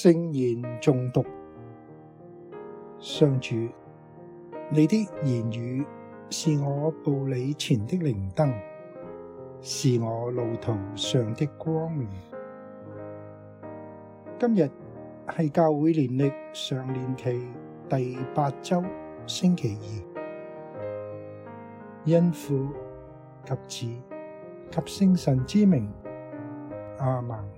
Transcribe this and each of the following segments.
聖言誦讀，上主，你的言語是我步履前的靈燈，是我路途上的光明。今日係教會年曆常年期第八周星期二，因父及子及聖神之名，阿門。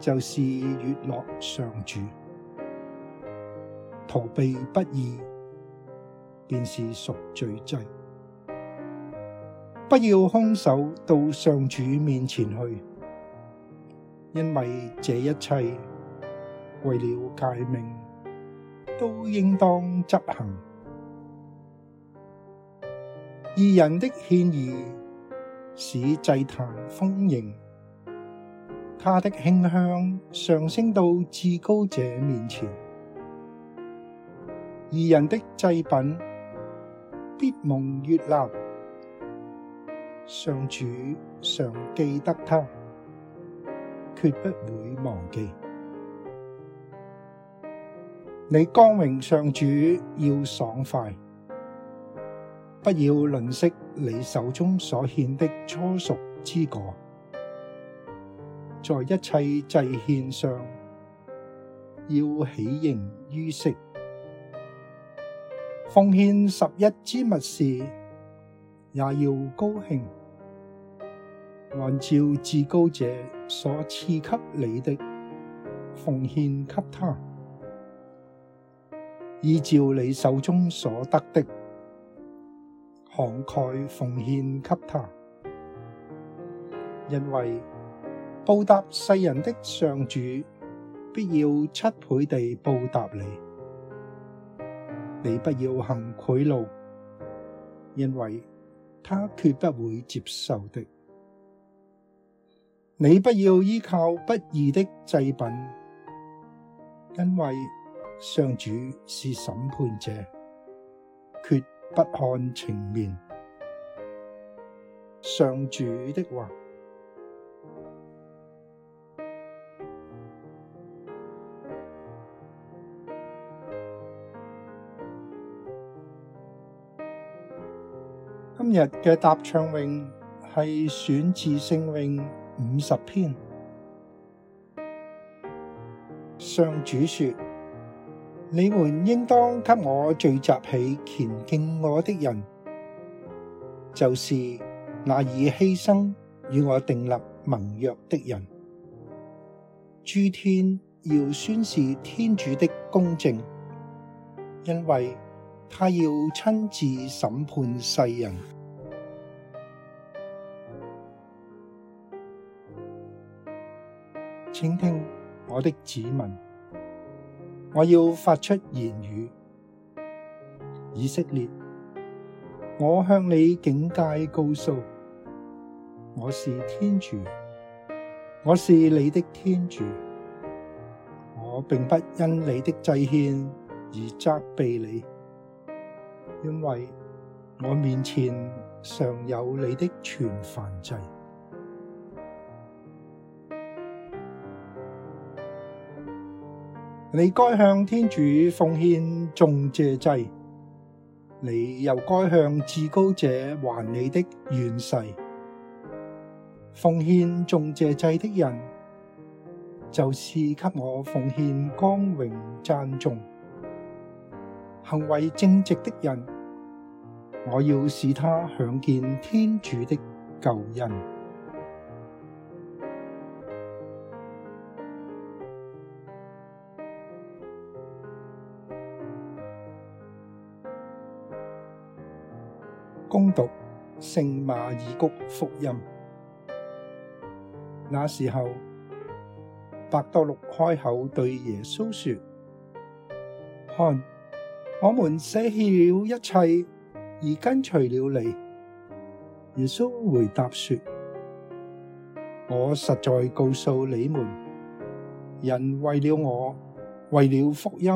就是悅樂上主，逃避不義，便是贖罪祭。不要空手到上主面前去，因為這一切，為了誡命，都應當執行。義人的獻儀，使祭壇豐盈。他的馨香上升到至高者面前，義人的祭品必蒙悅納。上主常記得他，決不會忘記。你光榮上主要爽快，不要吝惜你手中所獻的初熟之果。在一切祭獻上，要喜形於色，奉獻什一之物時，也要高興。按照至高者所賜給你的奉獻給他，依照你手中所得的，慷慨奉獻給他，因為，報答世人的上主，必要七倍地報答你。你不要行賄賂，因為他決不會接受的。你不要依靠不義的祭品，因為上主是審判者，決不看情面。上主的話。今日嘅答唱詠係選自聖詠五十篇。上主說：你們應當給我聚集起虔敬我的人，就是那以犧牲與我訂立盟約的人。諸天要宣示天主的公正，因為他要親自審判世人。請聽，我的子民，我要發出言語，以色列，我向你警戒，告訴，我是天主，我是你的天主，我並不因你的祭獻而責備你，因為我面前常有你的全燔祭。你該向天主奉獻頌謝祭，你又該向至高者還你的願誓。奉獻頌謝祭的人，就是給我奉獻光榮讚頌。行為正直的人，我要使他享見天主的救恩。恭讀聖馬爾谷福音，那時候，伯多祿開口對耶穌說：看，我們捨棄了一切而跟隨了你。耶穌回答說：我實在告訴你們，人為了我，為了福音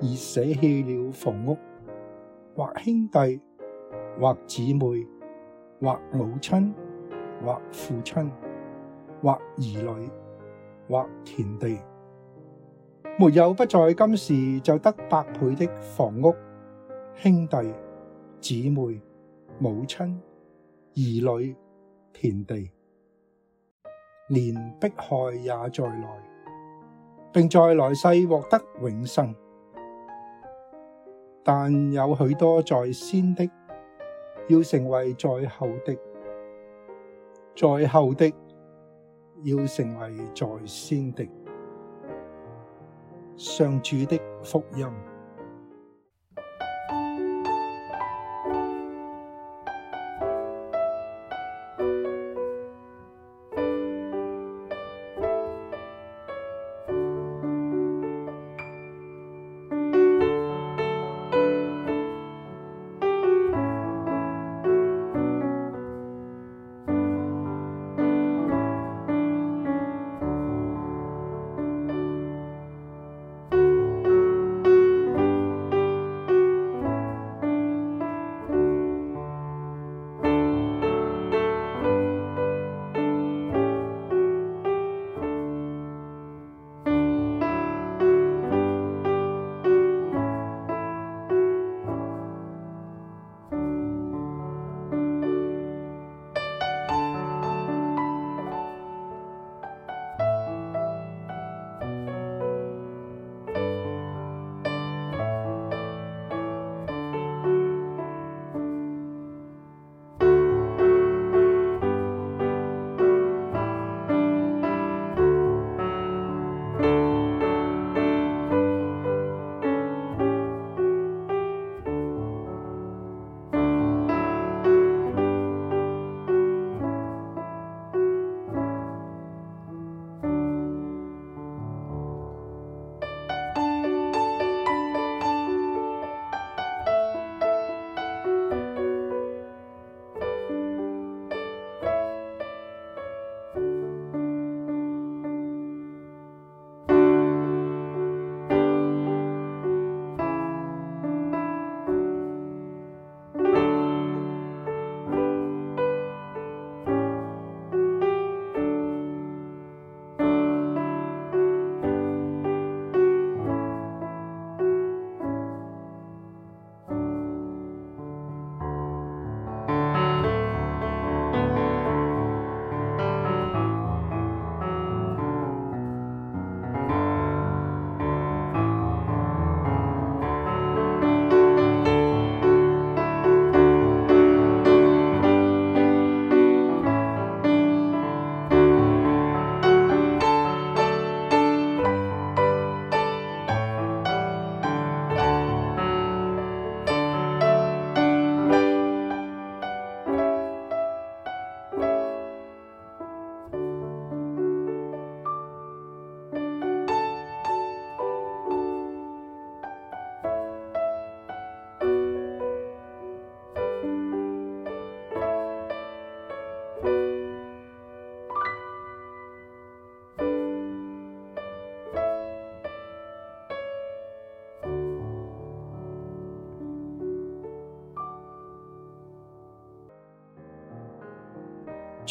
而捨棄了房屋或兄弟。或姊妹，或母親，或父親，或兒女，或田地，沒有不在今時就得百倍的房屋、兄弟、姊妹、母親、兒女、田地，連迫害也在內，並在來世獲得永生。但有許多在先的。要成為在後的，在後的，要成為在先的，上主的福音。